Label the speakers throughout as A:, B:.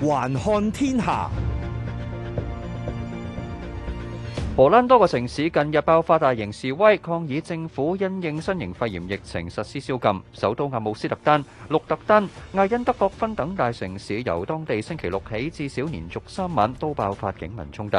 A: 環看天下，荷蘭多個城市近日爆發大型示威，抗議政府因應新型肺炎疫情實施宵禁。首都阿姆斯特丹、鹿特丹、阿因德霍芬等大城市，由當地星期六起至少連續三晚都爆發警民衝突。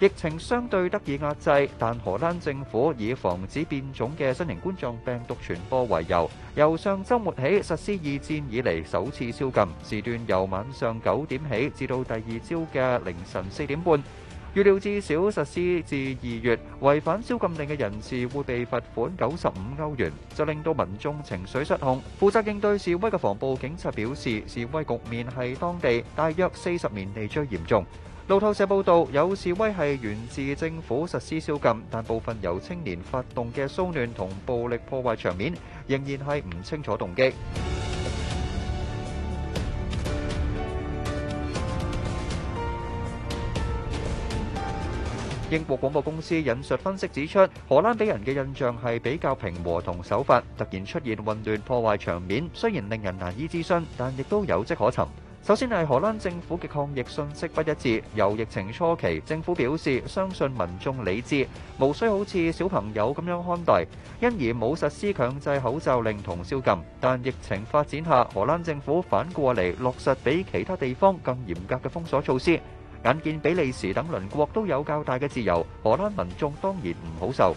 A: 疫情相對得以壓制，但荷蘭政府以防止變種嘅新型冠狀病毒傳播為由，由上周末起實施二戰以嚟首次宵禁，時段由晚上九點起至到第二朝嘅凌晨四點半。預料至少實施至二月。違反宵禁令嘅人士會被罰款九十五歐元，就令到民眾情緒失控。負責應對示威嘅防暴警察表示，示威局面係當地大約四十年嚟最嚴重。路透社報道，有示威係源自政府實施宵禁，但部分由青年發動嘅騷亂同暴力破壞場面，仍然係唔清楚動機。 英國廣播公司引述分析指出，荷蘭俾人嘅印象係比較平和同守法，突然出現混亂破壞場面，雖然令人難以置信，但亦都有迹可尋。首先係荷蘭政府嘅抗疫信息不一致。由疫情初期，政府表示相信民眾理智，無需好似小朋友咁樣看待，因而冇實施強制口罩令同宵禁。但疫情發展下，荷蘭政府反過嚟落實比其他地方更嚴格嘅封鎖措施。眼見比利時等鄰國都有較大嘅自由，荷蘭民眾當然唔好受。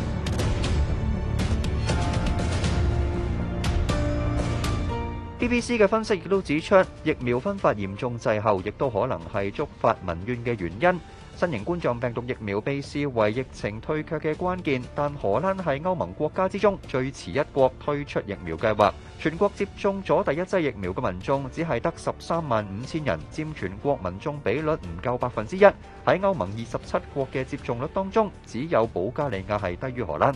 A: BBC 嘅分析亦都指出，疫苗分發嚴重滯後，亦都可能係觸發民怨嘅原因。新型冠狀病毒疫苗被視為疫情退卻嘅關鍵，但荷蘭係歐盟國家之中最遲一國推出疫苗計劃。全國接種咗第一劑疫苗嘅民眾只係得十三萬五千人，佔全國民眾比率唔夠百分之一。喺歐盟二十七國嘅接種率當中，只有保加利亞係低於荷蘭。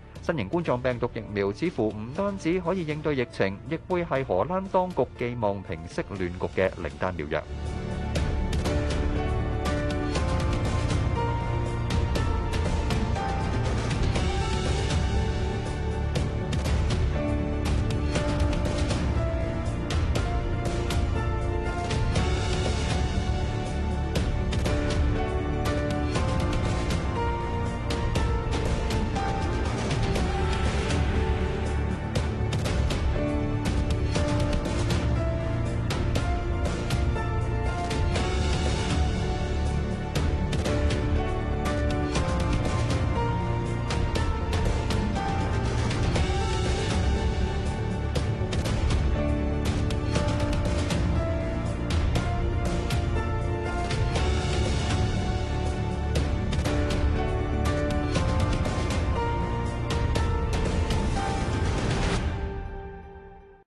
A: 新型冠狀病毒疫苗似乎唔單止可以應對疫情，亦會係荷蘭當局寄望平息亂局嘅靈丹妙藥。